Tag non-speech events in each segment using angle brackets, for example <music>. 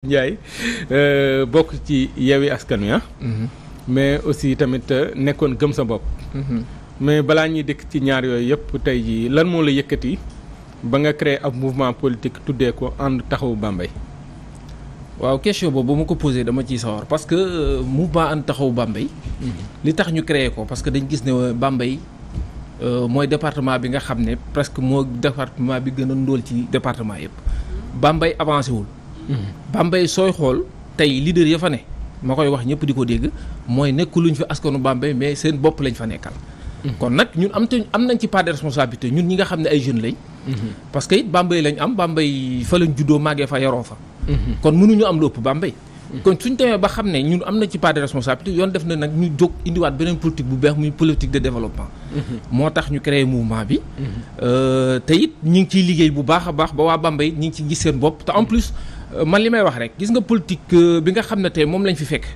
Ndiaye euh, bokk ci Yewwi Askan Wi ah. mhm. mais aussi tamit euh, nekkoon gëm sa bopp mhm. mais balaa ñuy dikk ci ñaar yooyu yëpp tey jii lan moo la yëkkati ba nga créé ab mouvement politique tuddee ko ànd taxawu Bambey waaw question boobu ma ko posé dama ciy sawar parce que euh, mouvement ànd taxawu Bambey mhm. li tax ñu créé ko parce que dañ gis ne Bambey mooy département bi nga xam ne presque moo département bi gën a ndóol ci département yëpp Bambey avancé wul Bambey sooy xool tey leader ya fa ne ma koy wax ñëpp di ko dégg mooy nekkuluñ fi askanu Bambey mais seen bopp lañ fa nekkal. Mhm. kon nag ñun am te am nañ ci part de responsabilité ñun ñi nga xam ne ay jeunes lañ. Mhm. parce que it Bambey lañ am Bambey fa lañ juddoo màggee fa yaroo fa. Mhm. kon mënuñu am lu ëpp Bambey. kon suñ demee ba xam ne ñun am na ci part de responsabilité yoon def nag ñu jóg indiwaat beneen politique bu beex muy politique de développement. moo tax ñu euh, a baax ba Euh, man li may wax rek gis nga politique euh, bi nga xam ne tey moom lañ fi fekk.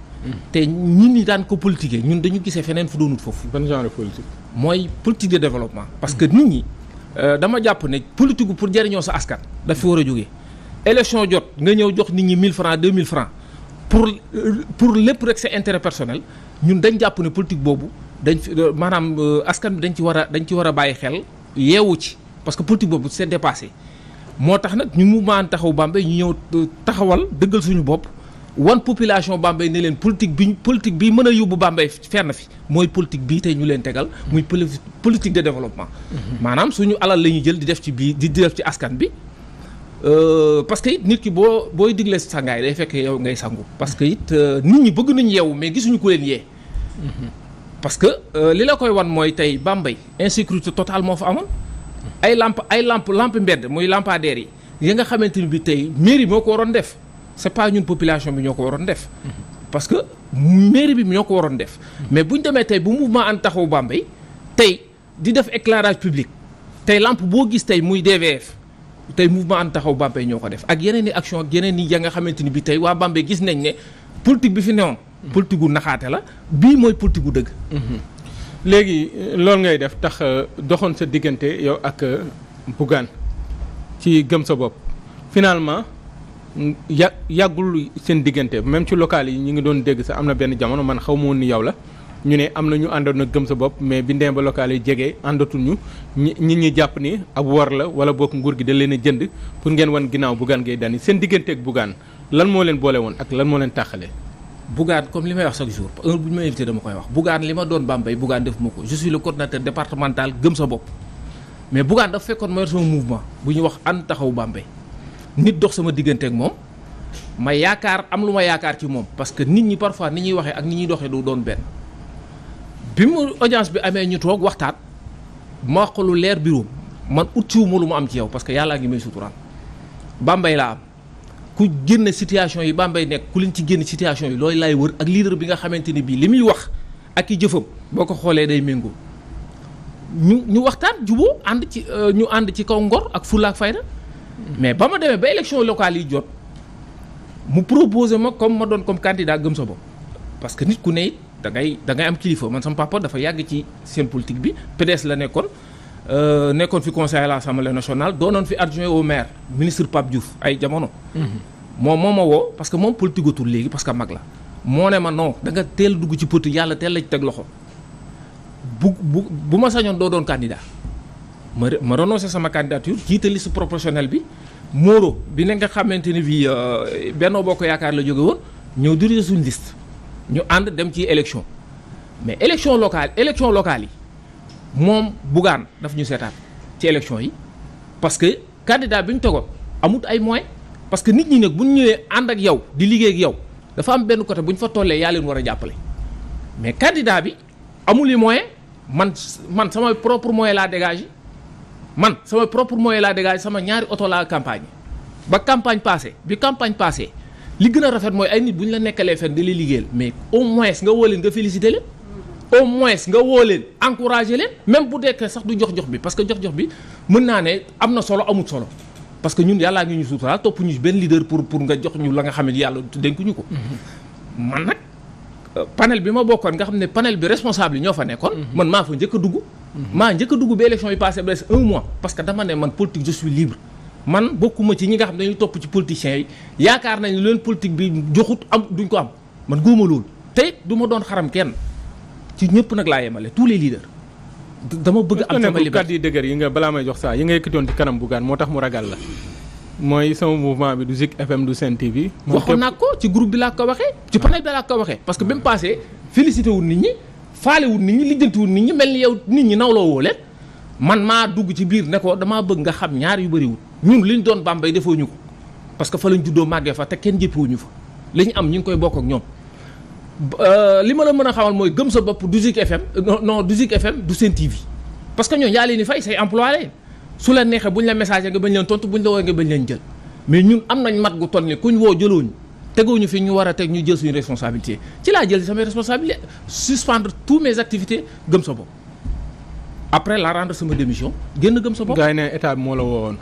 te ñun ñi daan ko politiquer ñun dañu gisee feneen fu doonut foofu. ban genre politique. mooy politique de développement. parce que nit ñi euh, dama jàpp ne politique pour jëriñoo sa askan. daf war a jógee. élection jot nga ñëw jox nit ñi 1000 francs 2000 francs pour pour lépp rek sa intérêt personnel ñun dañ jàpp ne politique boobu dañ fi maanaam askan bi dañ ci war a dañ ci war a bàyyi xel yeewu ci parce que politique boobu c'est dépassé. moo tax nag ñu mu mouvement taxawu Bambey ñu ñëw taxawal dëggal suñu bopp wan population Bambey ne leen politique bi politique bi mën a yóbbu Bambey fenn fi mooy politique bi tey ñu leen tegal muy politique de développement. Mhm. maanaam suñu alal la ñuy jël di def ci biir di def ci askan bi. Euh, parce que it nit ki boo booy digle sangaay day fekk yow ngay sangu parce que it euh, nit ñi bëgg nañu yeewu mais gisuñu ko leen yee. Mhm. parce que euh, li la koy wan mooy tey Bambey insécurité totale moo fa amoon. ay làmp ay lamp lamp mbedd muy lampadaire yi ya nga xamante ni bi tey mairie moo ko waroon def c'est pas ñun population bi ñoo ko waroon def parce que mairie bi ñoo ko waroon def mais bu ñu demee tey bu mouvement And Taxawu Bambey tey di def éclairage public tey lampe boo gis tey muy DVF tey mouvement And Taxawu Bambey ñoo ko def ak yeneen i action ak yeneen i ya nga xamante ni bi tey waa Bambey gis nañ ne politique bi fi newoon politique gu naxaate la bii mooy politique gu dëgg léegi euh, loolu ngay def tax euh, doxoon sa diggante yow ak euh, Bougane ci gëm sa bopp finalement mm, ya yàggul seen diggante même ci local yi ñu ngi doon dégg sa am na benn jamono man xaw ma woon ni yow la ñu ne am na ñu àndoon gëm sa bopp mais bi ndem ba local yi jege àndatul ñu ñi ñi jàpp ni ab war la wala boog nguur gi da leen a jënd pour ngeen wan ginnaaw Bougane ngay dani seen diggante ak Bougane lan moo leen boole woon ak lan moo leen tàqale. Bougane comme li may wax chaque jour bu ñu ma invité dama koy wax Bougane li ma doon Bambey Bougane def ma ko je suis le coordinateur départemental gëm sa mais Bougane dafa fekkoon ma yor sama bu ñuy wax ànd taxaw Bambey nit dox sama diggante ak moom ma yaakaar am lu ma yaakaar ci moom parce que nit ñi parfois ni ñuy waxee ak ni ñuy doxee du doon benn bi mu audience bi amee ñu toog waxtaan ma ko lu leer biroom man ut ciwuma lu ma am ci yow parce que yàllaa ngi may suturaan Bambey laa am ku génne situation yi Bambey nekk ku leen ci génn situation yi loolu laay wër ak leader bi nga xamante ni bii li muy wax ak i jëfam boo ko xoolee day méngoo ñu ñu waxtaan juboo ànd ci euh, ñu ànd ci kaw ngor ak fulla ak fayda mais ba ma demee ba élection locale yi jot mu proposé ma comme ma doon comme candidat gëm sa bopp parce que nit ku ne it da ngay am kilifa man sama papa dafa yàgg ci seen politique bi PDS la nekkoon. Euh, nekkoon fi conseiller à l'Assemblée nationale doonoon fi adjoint au maire ministre Pape Diouf ay jamono. Mhm. moom moo ma woo parce que moom politigatul léegi parce que mag la. moo ne ma non da teel dugg ci poti yàlla teel la teg loxo bu bu bu ma sañoon doo doon candidat ma ma renoncé sama candidature jiite liste proportionnelle bi Moro bi ne nga xamante ni bii euh, Benno Bokk Yaakaar la jóge woon ñëw di suñu liste ñu ànd dem ci élection mais élection locale élection yi. moom Bougane daf ñu seetaan ci élection yi parce que candidat bi ñu togoon amut ay moyens parce que nit ñi nag bu ñu ñëwee ànd ak yow di liggéey ak yow dafa am benn côté bu ñu fa tollee yaa leen war a jàppale mais candidat bi amul i moyen man man sama propre moyen laa dégagé man sama propre moyen laa dégagé sama ñaari oto laa campagne ba campagne passé bi campagne passé li gën a rafet mooy ay nit bu ñu la nekkalee fenn di la liggéeyal mais au moins nga woo leen nga félicité leen au moins nga woo leen encouragé leen même bu dekkee sax du jox-jox bi parce que jox-jox bi mën naa ne am na solo amul solo parce que ñun yàllaa ngi ñu suuturaa topp ñu benn leader pour pour nga jox ñu la nga xam ne yàlla dénku ñu ko mhm. man nag panel bi ma bokkoon nga xam ne panel bi responsable yi ñoo fa nekkoon. Mhm. man maa fa njëkk a dugg. Mhm. maa njëkk a dugg ba élection yi passé ba des un mois parce que dama ne man politique je suis libre man bokkuma ci ñi nga xam ne dañuy topp ci politiciens yi yaakaar nañu leen politique bi joxut am duñ ko am man góoma loolu te du ma doon xaram kenn. ci ñëpp nag laa yemale tous les leaders. dama bëgg am sama liberté yi yi nga balaa may jox saa yi nga yëkkatoon ci kanam Bougane moo tax mu ragal la. mooy sama mouvement bi du Zik FM du Sen TV. waxoon nag ko ci groupe bi laa ko waxee. ci panel bi laa ko waxee. parce que bi mu passé félicité wul nit ñi faale wul nit ñi lijjanti nit ñi mel ni yow nit ñi nawloo woo leen man maa dugg ci biir ne ko damaa bëgg nga xam ñaari yu bëriwul. ñun li ñu doon bàmbay defoo ñu ko parce que fa lañ juddoo màggee fa te kenn jëppewuñu fa li ñu am ñu ngi koy bokk ak ñoom Euh, li ma la mën a xamal mooy gëm sa bopp du Zik FM no non du Zik FM du Sen TV parce que ñoom yaa leen di fay say employé su la neexee bu ñu la message nga bañ leen tontu bu ñu la woowee nga bañ leen jël mais ñun am nañ mat gu toll ni kuñ woo jëlooñu ñu fi ñu war a teg ñu jël suñu responsabilité ci laa jël samay responsabilité suspendre tout mes activité gëm sa bopp après la rendre sama démission génn gëm sa bopp. gars yi ne moo la woowoon.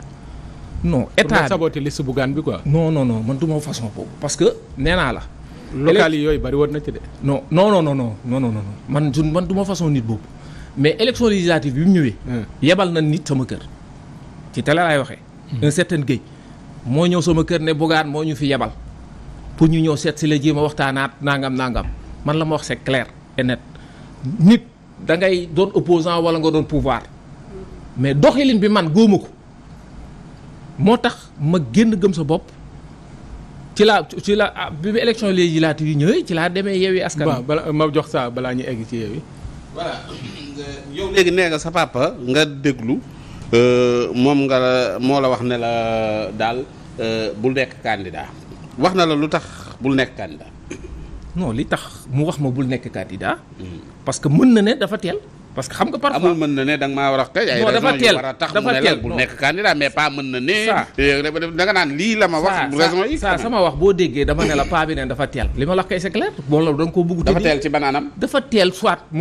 non état bi pour nga saboter liste bi quoi. non non non man du façon boobu parce que nee naa la. local yi yooyu bari woon na ci de. non non non non non non non man su man du ma façon nit boobu mais élection législative bi mu ñëwee. Hmm. yebal na nit sama kër. ci télé laay waxee. Hmm. un certain Guèye moo ñëw sama kër ne Bougane moo ñu fi yebal pour ñu ñëw seet si la jéem a waxtaanaat nangam nangam man la ma wax c'est clair et nit da ngay doon opposant wala nga doon pouvoir mais doxalin bi man góoma ko moo tax ma génn gëm sa bopp. ci la ci la ah, bi bi élection législative yi ñëwee ci laa demee Yewwi Askan Wi. bala ma jox saa balaa ñu egg ci Yewwi. <coughs> yow léegi nee nga sa papa nga déglu euh, moom nga moo la wax ne la daal euh, bul nekk candidat wax na la lu tax bul nekk candidat. non li tax mu wax ma bul nekk candidat. Mm. parce que mën na ne dafa teel. parce que xam nga parfois amul mën na ne a a tax mu ne la bu nekk eh, naan lii la ma wax raison yi saa sama wax boo déggee dama ne la dafa teel li ma la kay c'est clair bon loolu da nga koo bëgg dafa teel ci mun dafa teel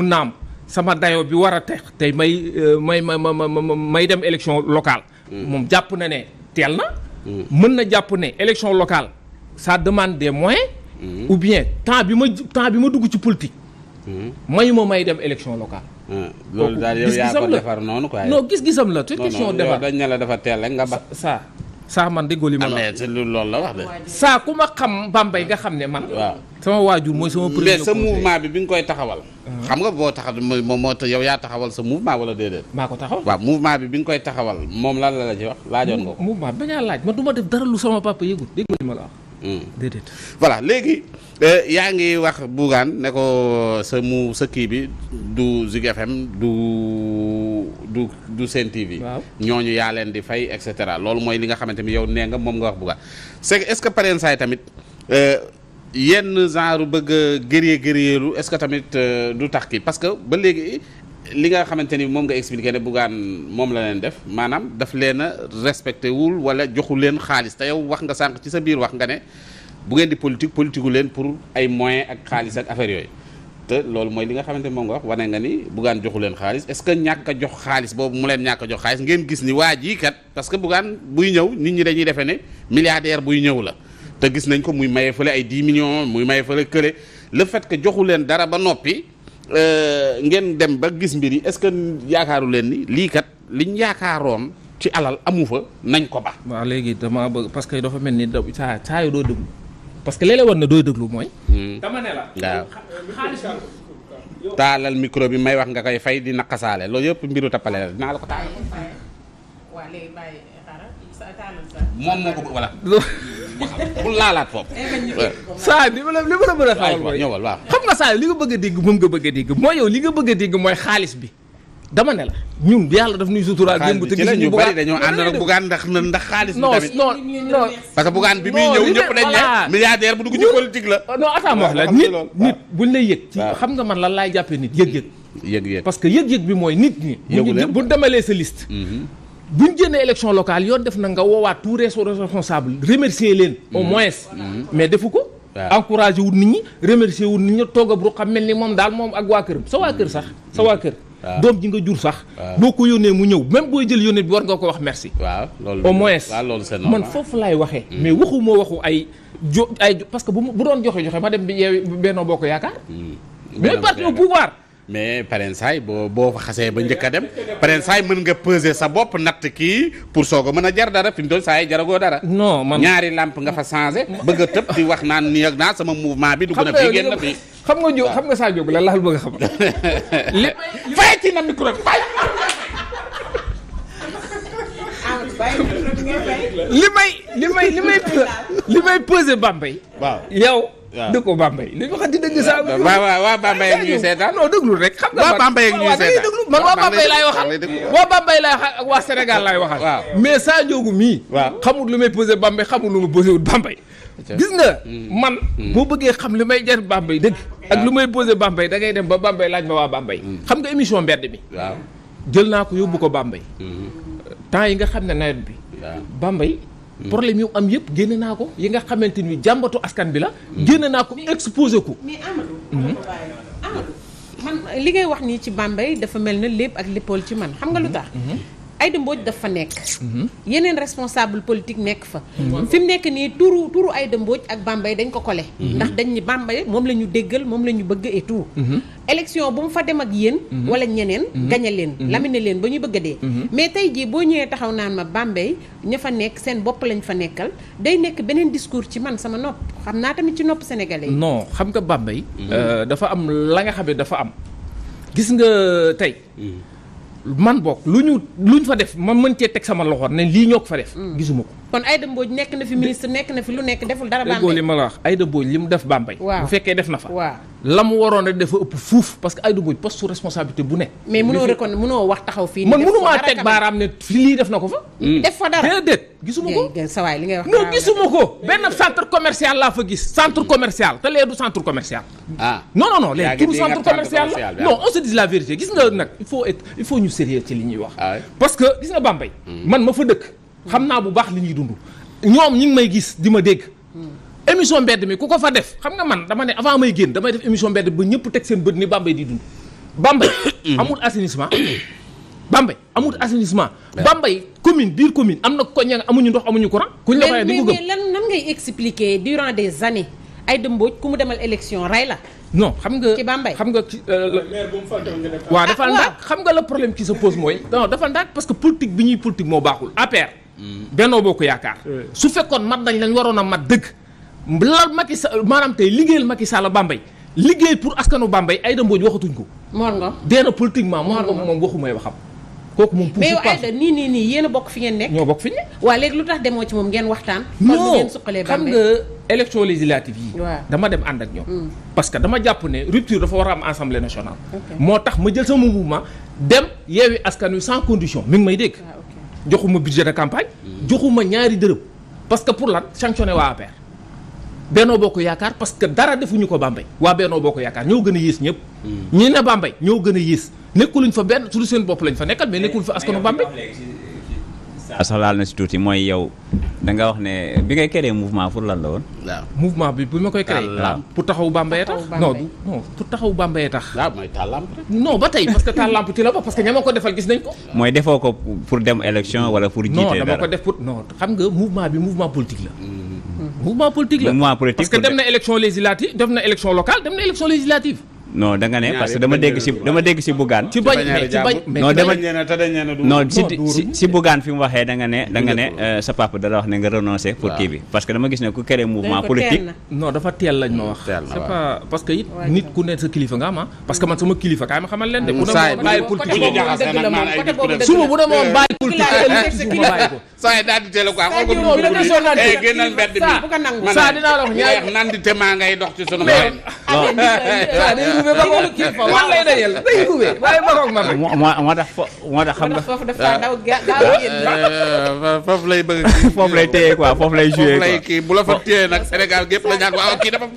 naam sama dayo bi war a tex tey may euh, may ma ma may dem élection local hmm. moom jàpp na ne teel na hmm. mën na jàpp ne élection local sa demande de moyens hmm. ou bien temps bi ma temps bi ma dugg ci politique may may dem élection local loolu daal yow yaa ko defar noonu quoi non gis-gisam la te question defar dañ ne la dafa teel rek nga ba saa saa man déggoo li ma la ah, loolu la wax de saa ku ma xam Bambey nga xam ne man waaw sama waajur mooy sama premier sa mouvement bi bi nga koy taxawal xam nga boo taxaw moom moo tax yow yaa taxawal sa mouvement wala déedéet maa ko taxawal waaw mouvement bi bi nga koy taxawal moom lan la la ci wax laajoon nga ko mouvement bi dañaa laaj man du def dara lu sama papa yëgul déggoo li ma la wax Mm. déedéet voilà léegi eh, yaa ngi wax Bougane ne ko sa mu sa kii bi du Zig FM du du du Sen TV. waaw ñooñu yaa leen di fay et cetera loolu mooy li nga xamante ni yow nee nga moom nga wax Bougane c'est est-ce que pareen saay tamit eh, yenn genre bëgg a gëree est-ce que tamit eh, du tax kii parce que ba léegi li nga xamante ni moom nga expliquer ne Bougane moom la leen def maanaam daf leen a respecté wul wala joxu leen xaalis te yow wax nga sànq ci sa biir wax nga ne bu ngeen di politique politique leen pour ay moyens ak xaalis ak affaire yooyu te loolu mooy li nga xamante ni moom nga wax wane nga ni Bougane joxu leen xaalis est que ñàkk a jox xaalis boobu mu leen ñàkk a jox xaalis ngeen gis ni waa jii kat parce que Bougane buy ñëw nit ñi dañuy defee ne milliardaire buy ñëw la te gis nañ ko muy maye fële ay 10 millions muy maye fële kële le fait que joxu leen dara ba noppi Euh, ngeen dem ba gis mbir yi est-ce que yaakaaru leen ni lii kat liñ yaakaaroon ci alal amu fa nañ ko ba. waaw léegi dama bëgg parce que dafa mel ni da saa saa yu doo déglu parce que léeg-léeg war na dooy déglu mooy. Hmm. dama taalal micro bi may wax nga koy fay di naqasaale loolu yëpp mbiru tappale la dinaa la ko taal. waaw léegi moom moo ko voilà. <laughs> bu laalaat foofu. Eh, saa li ma la li ma la mën a nga li bëgg dégg moom nga bëgg a dégg mooy yow li nga bëgg a dégg mooy xaalis bi. dama ne la ñun yàlla daf nuy suturaal démb te gis ñu bari dañoo ànd ak bugaan ndax ndax xaalis bi tamit non non bi muy ñëw ñëpp dañ ne milliardaire bu dugg ci politique la non attends wax la nit nit buñ lay yëg ci xam nga man lan laay jàppee nit yëg-yëg yëg-yëg parce que yëg-yëg bi mooy nit ñi bu ñu demalee sa liste mm-hmm. bu ñu génnee élection locale yoon def na nga woowaat tous les responsables remercier leen. au mm-hmm. moins. Mm-hmm. mais defu ko. encouragé wul nit ñi remercier wul nit ñi toog ab xam mel ni moom daal moom ak waa këram sa waa kër sax sa mm-hmm. waa kër. doom ji nga jur sax. boo ko yónnee mu ñëw même booy jël yónnee bi war nga ko wax merci. waaw loolu au moins man foofu laay waxee. mais waxu moo waxu ay jo ay parce que bu doon joxe joxe ma dem bi Bennoo Bokk Yaakaar. mais parti au mais parrain saay boo boo xasee ba njëkk a dem parrain saay mën nga peser sa bopp natt kii pour soog a mën a jar dara fi mu doon saa yi jaragoo dara. non man ñaari lamp nga fa changé. bëgg a tëb di wax naan nii ak naa sama mouvement bi. du gën a fi xam nga jo xam nga saa a xam. <laughs> li fay ci na micro ah, fay. li may li may li may li may peser waaw dëkkoo Bambey li ñu waxante dëgg saa. waaw waaw waa Bambey ak ñuy seetaan non déglu rek. xam nga waa Bambey ak ñuy seetaan déglu man waa Bambey laay waxal. waa Bambey laay waxal ak waa Sénégal laay waxal. waaw mais saa njoogu mii. waaw lu may posé Bambey xamul lu ma posé wut Bambey. gis nga hmm. man. Hmm. boo bëggee xam li may jar Bambey dëgg. ak lu may posé Bambey da ngay dem ba Bambey laaj ma waa Bambey. Hmm. xam nga émission mbedd mi waaw jël naa ko yóbbu ko Bambey. temps yi nga xam ne nawet bi. Bambey problème yu am yëpp génne naa ko yi nga xamante ni jàmbatu askan bi la. génne naa ko exposé ko. man li ngay wax nii ci Bambey dafa mel na lépp ak léppool ci man xam nga lu tax. Mhm. Aïda Mbodj dafa fa nekk. Mhm. yeneen responsable politique nekk fa. Mhm. fi mu nekk nii turu turu Aïda Mbodj ak Bambey dañ ko kole mhm. ndax dañ ni Bambey moom la ñu déggal moom la ñu bëgg et tout. élection bu mu fa dem ak yéen. wala ñeneen. gañe leen lamine leen ba ñu bëgg a dee. mais tey jii boo ñëwee taxaw naan ma Bambey ña fa nekk seen bopp lañ fa nekkal day nekk beneen discours ci man sama nopp xam naa tamit ci nopp sénégalais yi. non xam nga Bambey. Euh, dafa am la nga xam ne dafa am. gis nga tey. man bokk lu ñu lu fa def ma mën cee teg sama loxo ne lii ñoo ko fa def. Mm. gisuma ko. kon Aïda Mbodj nekk na fi ministre nekk na fi lu nekk deful dara. Bambey li ma la wax Aïda Mbodj li mu def Bambey. waaw bu fekkee def na fa. waaw la mu waroon rek dafa ëpp fuuf parce que Aïda Mbodj poste sous responsabilité bu ne. mais mënoo reconnaître mënoo wax taxaw fii. man mënumaa teg ne na ko fa. Mm. def fa dara li ngay wax non gisuma ko. benn centre laa fa gis. centre commercial te lee du centre commercial. ah non non non ah. nag il faut être il faut ñu wax. Ah parce que gis mm. man ma fa dëkk xam naa bu baax li ñuy dund ñoom ñu ngi may gis di ma dégg émission mbedd mi ku ko fa def xam nga man dama ne avant may génn damay def émission mbedd ba ñëpp teg seen bët ni Bambey di dund Bambey <coughs> amul assainissement Bambey amul assainissement Bambey commune biir commune am na ko nga amuñu ndox amuñu courant kuñ la fayee di ko gëm mais lan nan ngay expliquer durant des années ay dëmbooj ku mu demal élection rey la non xam nga ci Bambey xam nga euh, waaw dafa ah, ndàkk xam nga le problème qui se pose mooy non dafa ndàkk parce que politique bi ñuy politique moo baaxul APR Mm-hmm. bennoo boo ko yaakaar su fekkoon mat nañ lañ waroon a mat dëgg lal Macky Sall maanaam tey liggéeyal Macky Sall Bambey liggéey pour askanu Bambey Aïda Mbodj waxatuñ ko Mor Ngom dee na politiquement ma Ngom moom waxu may waxam kooku moom nii nii nii yéen bokk fi ngeen nekk ñoo bokk fi ñu lu tax demoo ci moom ngeen waxtaan non ngeen suqalee Bambey xam nga élection législative dama dem ànd ak ñoom mm. parce que dama jàpp ne rupture dafa war a am assemblée nationale moo tax ma jël sama mouvement dem yeewi askanu wi sans condition mi ngi may dégg joxuma budget a campagne. joxuma ñaari dërëm. parce que pour lan sanctionné waa APR. Benno Bokk Yaakaar parce que dara defuñu ko Bambey waa Benno Bokk Yaakaar ñoo gën a yées ñëpp. Hmm. ñi ne Bambey ñoo gën a yées nekkuluñ fa benn su seen bopp lañ fa nekkal mais nekkul fa askanu Bambey. sax laal na si tuuti mooy yow da nga wax ne bi ngay créer mouvement pour lan la woon. waaw mouvement bi ma koy créer. pour taxawu bàmbaye tax tax. waaw ba tey parce que tàllamp la ba parce que ña ko defal gis nañ ko. mooy defoo ko pour dem élection wala pour. jiite dama ko def pour non xam nga mouvement bi mouvement politique la. Mm-hmm. mouvement politique la parce que dem na élection législative def na élection locale dem na élection législative. no da nga ne parce que dama dégg si dama dégg si Bougane. ci bañ ci dama non si si si fi mu waxee da ne sa papa da wax nga renoncer pour kii bi parce que dama gis ne ku créé mouvement politique. parce que it nit ku ne sa kilifa nga am que man sama kilifa kaay ma xamal leen ko. saa yi daal di a quoi saa dinaa la wax ñaar nandite maa ngay dox ci sunu ruubee ba xoolu kilifa man lay dajal moo tax moo tax xam nga. Ah. Eh, eh, foofu lay bëgg <laughs> foofu lay téye foofu lay joué quoi. kii bu la fa téye nag Sénégal gépp la ñaan waaw ah, kii dafa ma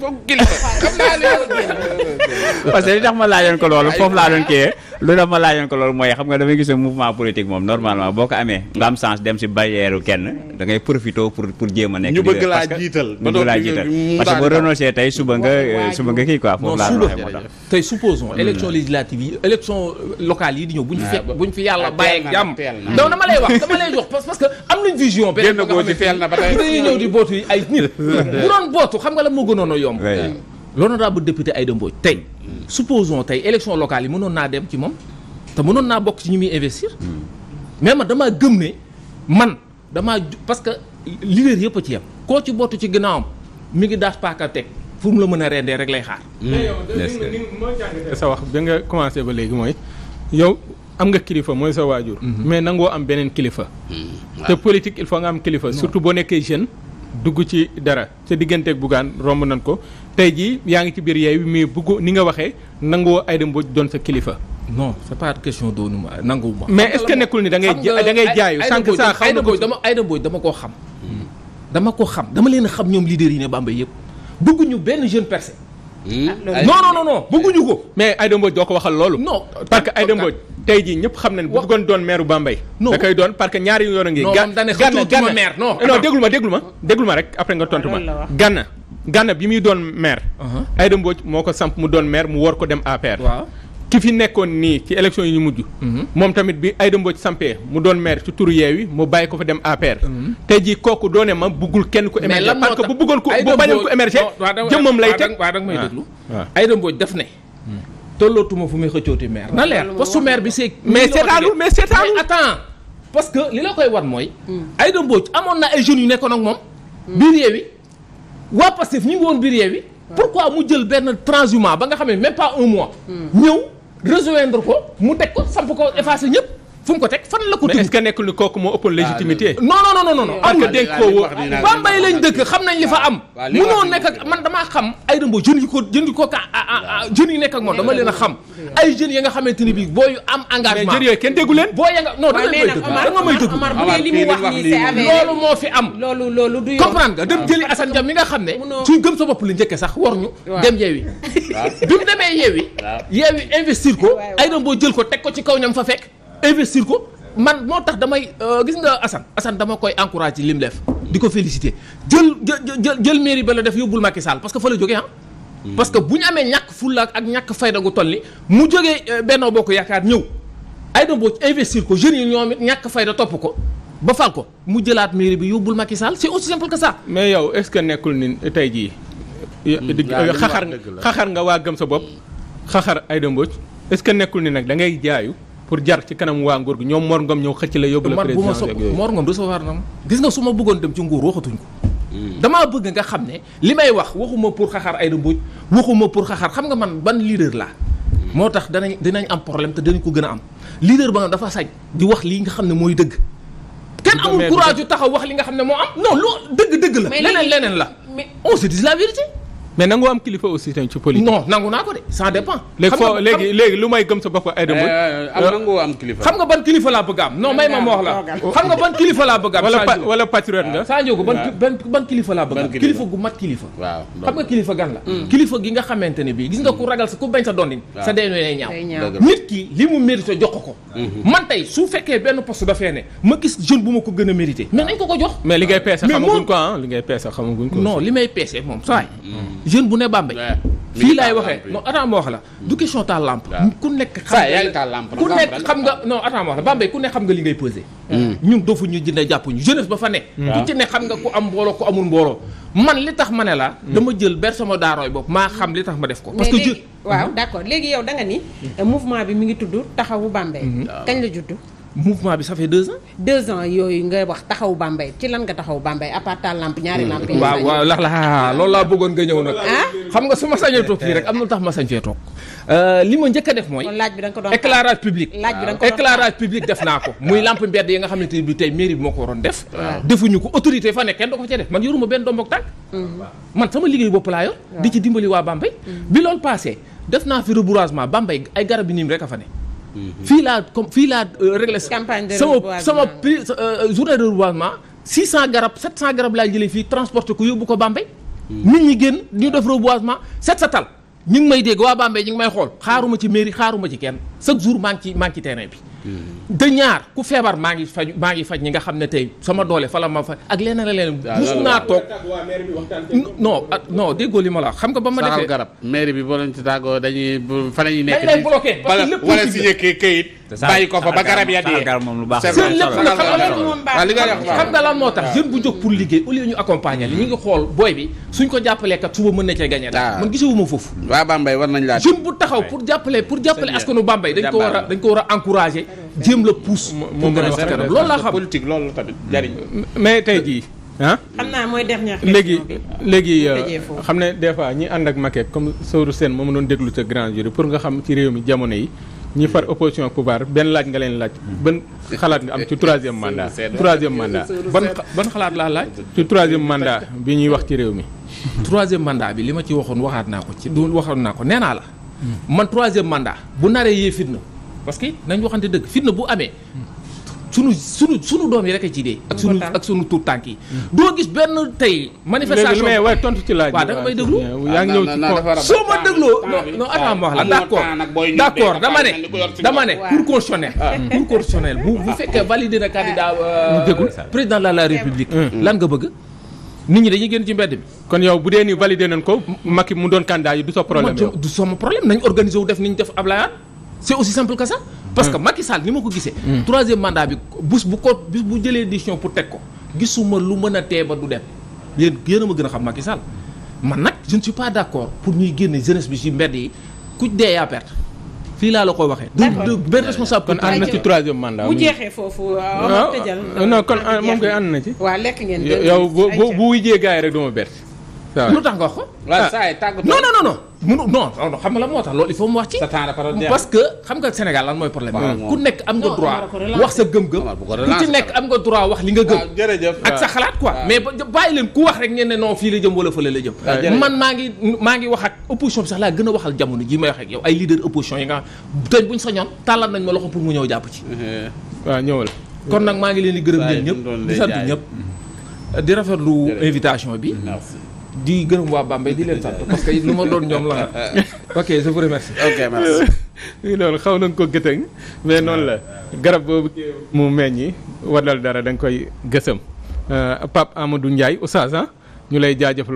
foofu laa doon kii lu dama laajoon ko loolu mooy xam nga damay gis ne mouvement politique moom normalement boo ko amee nga am chance dem si barrière kenn da ngay pour pour jéem a nekk. ñu bëgg laa jiital parce que boo renoncé tey suba nga suba nga kii quoi. foofu laa waxee moo tax tey supposons. Mm. législative yi élection euh, locale yi di ñëw. bu ñu fi ah, fekk bu ñu fi yàlla ah, bàyyi ak jàmm. dama lay wax dama lay jox parce que am nañ vision. benn boo ci na ba tey dañuy ñëw di bootu ay nit. <laughs> bu doon bootu xam nga la supposons tey élection locale yi mënoon naa dem ci moom te mënoon naa bokk ci ñi muy investir. mais man damaa gëm ne man damaa parce que leader yëpp a ci yem. koo ci bootu ci ginnaawam mi ngi daas paaka teg fu mu la mën a rendee rek lay xaar. Mm. sa wax bi nga commencé ba léegi mooy yow am nga kilifa mooy sa waajur. Mm-hmm. mais nangoo am beneen kilifa. Mm. te politique il faut nga am kilifa. surtout boo nekkee jeune. dugg ci dara sa digganteeg Bougane romb nañ ko tey jii yaa ngi ci biir yeey bi mais bugg ni nga waxee nangoo Aïda Mbodj doon sa kilifa. non sa pas question doonu ma nanguwuma. mais est-ce que nekkul ni da ngay da ngay jaayu. sànq saa xaw na ko dama Aïda Mbodj dama koo xam. dama ko xam dama leen xam ñoom leader yi ne Bambey yëpp bëgguñu benn jeune perse hmm? ah, non non non ah. bëgguñu ko. mais Aïda Mbodj doo ko waxal loolu. non parce que Aïda tey jii ñëpp xam nañ bu bëggoon doon maire Bambey da koy doon parce que ñaari yoon a ngi gànna gànna non déglu ma déglu ma déglu ma rek après nga tontu ma gànna gànna bi muy doon maire uh-huh. Aïda Mbodj moo ko samp mu doon maire mu war ko dem APR ki fi nekkoon nii ci élection yu ñu mujj mm-hmm. moom tamit bi Aïda Mbodj sampee mu doon maire ci turu Yewwi mu bàyyi ko fa dem APR mm-hmm. tey jii kooku doone ma buggul kenn ku émerger parce que bu bëggoon ku bu bañoon ku émerger jëmmam lay teg waaw ah. Ah. Aïda Mbodj daf ne tollootuma fu muy xëccooti maire na leer postu maire bi c'est mais seetaanul mais seetaanul mais parce que li la koy wan mooy hmm. Aïda Mbodj amoon na ay jeunes yu nekkoon ak moom biir hmm. Yewwi waa Pastef ñu ngi woon biir Yewwi hmm. pourquoi mu jël benn transhumant ba nga xam ne même pas un mois ñëw rejoindre ko mu teg ko samp ko effacé ñëpp fu mu ko teg fan la ko tudd. mais est-ce que nekkul kooku moo ëppoon légitimité. Ah, non non non non non. parce que dénk ko woo Bambey lañ dëkk xam nañ li fa am. mënoo nekk ak man damaa xam ay rëmbo jeunes yi ko jeunes yi ko ka jeunes yi ah, ah, nekk ak moom dama leen a xam. ay jeunes yi nga xamante ni bii booy yu am engagement. mais jeunes yooyu kenn déggu leen. booy ya nga non da nga may dëgg da nga may dëgg. loolu moo fi am. loolu loolu du yoon comprendre nga dem jëli Assane Diam mi nga xam ne. suñ gëm sa bopp li njëkk sax war ñu dem yeewi bi mu demee yeewi yeewi investir ko ay rëmbo jël ko teg ko ci kaw ñam fa fekk investir ko man moo tax damay euh, gis nga Assane Assane dama koy encouragé li mu def di ko félicité jël jë jël mairie ba la def yóbbul Macky Sall parce que fa la jógee ah. Hmm. parce que bu ñu amee ñàkk fulla ak ñàkk fayda gu toll ni mu jógee euh, Benno Bokk Yaakaar ñëw Aïda Mbodj investir ko jeunes yi ñoom it ñàkk fayda topp ko ba fal ko mu jëlaat mairie bi yóbbul Macky Sall si aussi simple que ça. mais yow est-ce que nekkul ni tey jii. Hmm, xaxar xaxar nga waa gëm sa bopp xaxar Aïda Mbodj est-ce que nekkul ni nag da ngay jaayu. pour jar ci kanam waa nguur gi ñoom Mor Ngom ñëw xëcc la yóbbu la président ak yooyu Mor Ngom recevoir na ma gis nga su ma bëggoon dem ci nguur waxatuñ ko damaa bëgg nga xam ne li may wax waxuma pour xaxaar ay mbuuj waxuma pour xaxaar xam nga man ban leader laa moo tax danañ dinañ am problème te dañ ko gën a am leader ba nga dafa sañ di wax lii nga xam ne mooy dëgg kenn amul courage yu taxaw wax li nga xam ne moo am non loo dëgg dëgg la leneen leneen la on se dit la vérité mais nangu am kilifa aussi tamit ci politique. non nangu naa ko de ça dépend. léegi lu may gëm sa bopp ay demul. Eh, am nangu am kilifa. xam nga ban kilifa laa bëgg am. non may ma wax la xam nga ban kilifa laa bëgg am. wala wala patriote nga. Ah. Sa Ndiogou ban ah. ban ban kilifa laa bëgg am. kilifa kilifa. gan la. Hmm. kilifa gi nga xamante ne bii gis nga ku ragal sa ku bañ sa dondin. sa dee lay ñaaw nit ki li mu mérité jox ko ko. Hmm. man tey su fekkee benn post dafee ne ma gis jeune bu ma ko gën a mérité. Ah. mais nañ ko ko jox. mais li ngay peese xamaguñ ko ah li ngay peese xamaguñ ko. may peese moom saay jeune bu ne Bambey. fii lay waxee non attends wax la. du hmm. question taal lampe. ku nekk xam nga ku nekk xam nga non attends ma wax la Bambey ku ne xam nga li ngay pesé. Hmm. ñun doofu ñu jàpp jàppuñu jeunesse ba fa ne. Hmm. ku ci xam nga ku am mbooloo ku amul mbooloo. man li tax ma ne la. dama jël ber sama daarooy boobu maa xam li tax ma def ko. parce que je waaw d'accord léegi yow da nga ni. mouvement bi mi ngi tudd taxawu Bambey. kañ la judd. mouvement bi ça fait deux ans. deux ans yooyu nga wax taxaw Bambey ci lan nga taxaw Bambey à part lamp ñaari lamp yi. waaw waaw lax la loolu laa bëggoon nga ñëw nag. Ah? xam nga su ma sañee toog fii rek am na tax ma sañ fee toog. Euh, li ma njëkk a def mooy. laaj bi da ko doon éclairage public. laaj bi da nga ko public def naa ko. muy lamp mbedd yi nga xamante bi tey mairie bi moo ko waroon def. defuñu ko autorité fa nekk kenn da ko ca def man yoruma benn doom ak tànk. Mhm. man sama liggéeyu bopp laa yor. di ci dimbali waa Bambey. Mhm. bi loolu passé def naa fi reboisement Bambey ay garab yi nii rek a fa Mhm. fii laa comme fii laa euh, réglé sama sama prix euh, journée de reboisement 600 garab 700 garab laa jëlee fii transporté ko yóbbu ko Bambey mhm. nit ñi génn ñu def reboisement set sa tal ñu ngi may dégg waa Bambey ñu ngi may xool xaaruma ci mairie xaaruma ci kenn chaque jour maa ngi ci maa ngi ci terrain bi de ñaar ku feebar maa ngi faj maa ngi faj ñi nga xam ne tey sama doole fa la ma fa ak leneen ak leneen. Ah, mus naa toog no ah, non déggoo li ma la xam nga ba ma defee. garab mairie bi boo leen ci tàggoo dañuy fa la nekk. dañ leen bloqué parce que lépp wala signé kayit bàyyi ko ba garab ya moom lu baax seen lépp nag xam nga moom li nga wax moo tax jeune bu jóg pour liggéey au lieu ñu accompagner li ñu ngi xool booy bi suñ ko jàppalee kat suba mën na cee gagné daal ah. man gisewuma foofu waa Bambey war nañ laa taxaw pour jàppale pour jàppale askanu Bambey dañ a dañ ko war a encourager la pousse mu gën a xam politique hmm. mais tey jii ah naa mooy dernière léegi léegi euh, xam ne des fois ñi ànd ak maquette comme Sourou Sène moom doon déglu ca grand jury pour nga xam ci réew mi jamono yi ñi far opposition pouvoir benn laaj nga leen laaj ban xalaat nga am ci troisième mandat troisième mandat ban ban xalaat laa laaj ci troisième mandat bi ñuy wax ci réew mi troisième mandat bi li ma ci waxoon waxaat naa ko ci du waxoon naa ko nee la man troisième mandat bu naree yee fitna parce que nañ waxante dëgg fitna bu amee sunu sunu sunu doom yi rek ci dee. ak sunu ak sunu tuut tànk yi. Mm. doo gis benn tey. manifestation léegi mais tontu ci laaj. waaw da nga may déglu yaa ngi ñëw ci soo ma dégloo. ma wax la d' accord d' accord dama ne. dama mm. bu fekkee validé na candidat. Euh, déglu président de la république. Mm. lan nga bëgg. nit ñi dañu génn ci mbedd bi. kon yow bu dee ni validé nañ ko Macky mu doon candidat yi du sa problème yow. du sama problème nañ organiser wu def ni ñu def Ablaye c'est aussi simple que ça. parce que hmm. Macky Sall ni ma ko gisee. Hmm. troisième mandat bi bus bu ko bus bu jëlee décision pour teg ko gisuma lu mën a tee ba du dem yéen yéen a ma gën a xam Macky Sall man nag je ne pas d' accord pour ñuy génne jeunesse bi ci mbedd yi ku dee yaa perte. fii laa la ko waxee. d' accord du benn responsable. kon ànd na ci troisième mandat. bu jeexee foofu euh, ah, non kon moom koy ànd na ci. waa lekk ngeen yow bu bu wujjee gars rek duma bett. lu tax nga wax ko. waaw ah. saa yi xam nga la moo tax loolu il mu wax ci. parce que xam nga Sénégal lan mooy problème ku nekk am nga droit wax sa gëm-gëm. ku ci nekk am nga droit wax li nga gëm. ak sa xalaat quoi. mais bàyyi leen ku wax rek ngeen ne non fii la jëm wala fële la jëm. man maa ngi maa ngi wax ak opposition bi sax laa gën a waxal jamono jii may wax ak yow ay leader opposition yi nga xam buñ sañoon tàllal nañ ma loxo uh-huh. kon nag maa ngi leen di gërëm leen ñëpp di sant ñëpp di rafetlu invitation bi di gërëm waa Bambey di leen sant parce que lu ma doon ñoom la ok je vous <laughs> xaw nañ ko gëtëng mais noonu la garab boobu mu meññi wadal dara da nga koy gësam euh, Pape Amadou Ndiaye oustaz ah, ñu lay jaajëfal.